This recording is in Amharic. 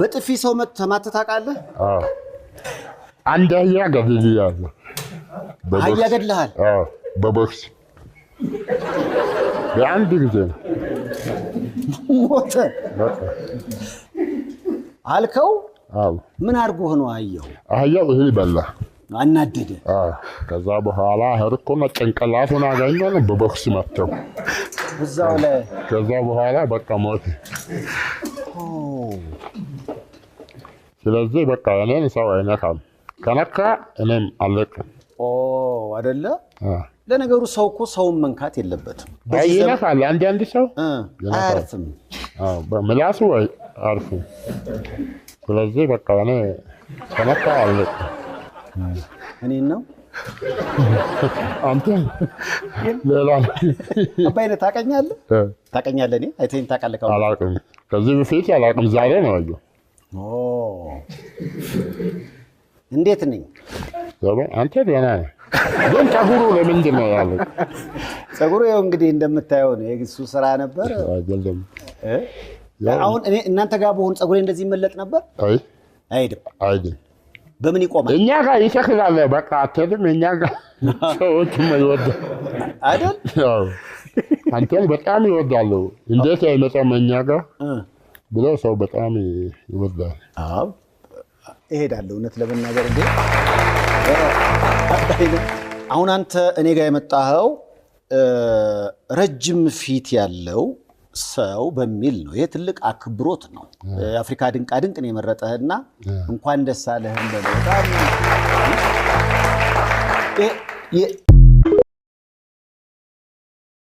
በጥፊ ሰው ተማትህ ታውቃለህ? አንድ አህያ ገድያለሁ። አህያ ገድልሃል? በቦክስ በአንድ ጊዜ ነው። ሞተ አልከው? ምን አድርጎህ ሆኖ አህያው? አህያው እህል በላ፣ አናደደ። ከዛ በኋላ ህርኩና ጭንቅላቱን አገኘ በቦክስ መተው። ከዛ በኋላ በቃ ሞት ስለዚህ በቃ እኔን ሰው አይነካም። ከነካ እኔም አለቅም አደለ። ለነገሩ ሰው እኮ ሰውን መንካት የለበትም። ይነካል። አንድ አንድ ሰው አያርፍም፣ ምላሱ አያርፍም። ስለዚህ በቃ እኔ ከነካ አለቅም። እኔን ነው አንተ ሌላ አባይነህ ታውቀኛለህ? ታውቀኛለህ? እኔ አይተኸኝ ታውቃለህ? አላውቅም። ከዚህ በፊት አላውቅም። ዛሬ ነው ያየሁ እንዴት ነኝ? አንተ ደህና ነህ? ግን ጸጉሩ ለምንድን ነው ያለ? ጸጉሩ ይኸው እንግዲህ እንደምታየው ነው። የእሱ ስራ ነበር። አሁን እኔ እናንተ ጋር በሆን ጸጉሬ እንደዚህ ይመለጥ ነበር። አይሄድም፣ አይሄድም። በምን ይቆማል? እኛ ጋር ይተክላል። በቃ አትሄድም። እኛ ጋር ሰዎች ይወደ አይደል? አንተም በጣም ይወዳሉ። እንዴት አይመጣም እኛ ጋር ብለው ሰው በጣም ይወዳል። እሄዳለሁ እውነት ለመናገር እ አሁን አንተ እኔ ጋር የመጣኸው ረጅም ፊት ያለው ሰው በሚል ነው። ይሄ ትልቅ አክብሮት ነው። አፍሪካ ድንቃ ድንቅ ነው የመረጠህና እንኳን ደስ አለህም በጣም